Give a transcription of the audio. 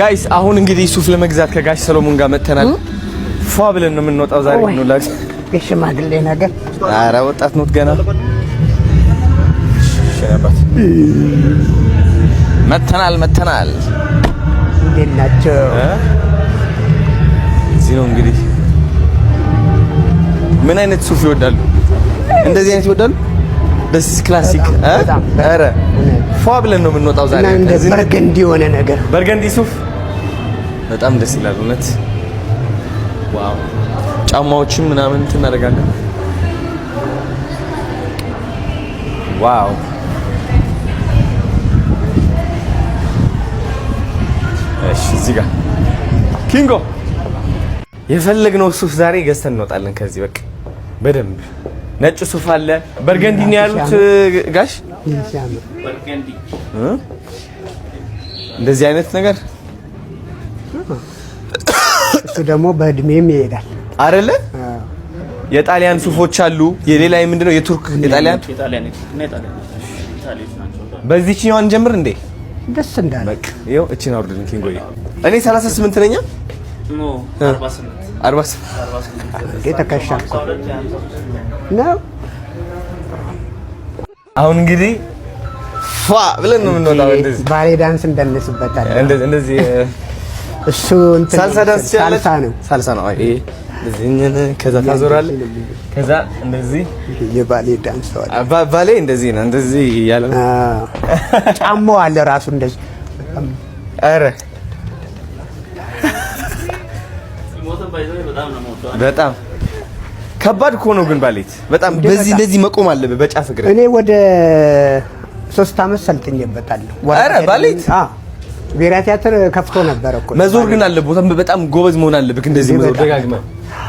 ጋይስ አሁን እንግዲህ ሱፍ ለመግዛት ከጋሽ ሰሎሞን ጋር መጥተናል። ፏ ብለን ነው የምንወጣው ዛሬ ነው ላግ ሽማግሌ ነገር። ኧረ ወጣት ኖት ገና መተናል መተናል። እንዴት ናቸው? እዚህ ነው እንግዲህ። ምን አይነት ሱፍ ይወዳሉ? እንደዚህ አይነት ይወዳሉ። ደስ ክላሲክ። ኧረ ፏ ብለን ነው የምንወጣው ዛሬ። እንደ በርገንዲ የሆነ ነገር በርገንዲ ሱፍ በጣም ደስ ይላል እውነት። ዋው ጫማዎችን ምናምን እናደርጋለን። ዋው እሺ፣ እዚህ ጋር ኪንጎ የፈለግነው ሱፍ ዛሬ ገዝተን እንወጣለን ከዚህ በቃ በደንብ ነጭ ሱፍ አለ። በርገንዲ ነው ያሉት ጋሽ። እንደዚህ አይነት ነገር እሱ ደግሞ በእድሜም ይሄዳል አይደለ? የጣሊያን ሱፎች አሉ። የሌላ ምንድነው የቱርክ የጣሊያን በዚህኛው ጀምር እንዴ? ደስ እንዳለ በቃ ይኸው እቺን አውርድልኝ ኪንጎዬ። እኔ 38 ነኝ። ተከሻ ነው። አሁን እንግዲህ ፋ ብለን ነው የምንወጣው። እንደዚህ ባሌ ዳንስ እንደነስበታለን። እንደዚህ እንደዚህ እሱ እንትን ሳልሳ ዳንስ ሳልሳ ነው ሳልሳ ነው። አይ ከዛ ታዞራለህ። ከዛ እንደዚህ የባሌ ዳንስ ባሌ እንደዚህ ነው። እንደዚህ ያለው ጫማው አለ ራሱ እንደዚህ ኧረ በጣም ከባድ እኮ ነው ግን ባሌት በጣም በዚህ እንደዚህ መቆም አለበት። በጫፍ እግር እኔ ወደ ሶስት አመት ሰልጥኜበታለሁ። ኧረ ባሌት ብሔራዊ ቲያትር ከፍቶ ነበር እኮ መዞር ግን አለበት። በጣም ጎበዝ መሆን አለብህ እንደዚህ መዞር ደጋግመህ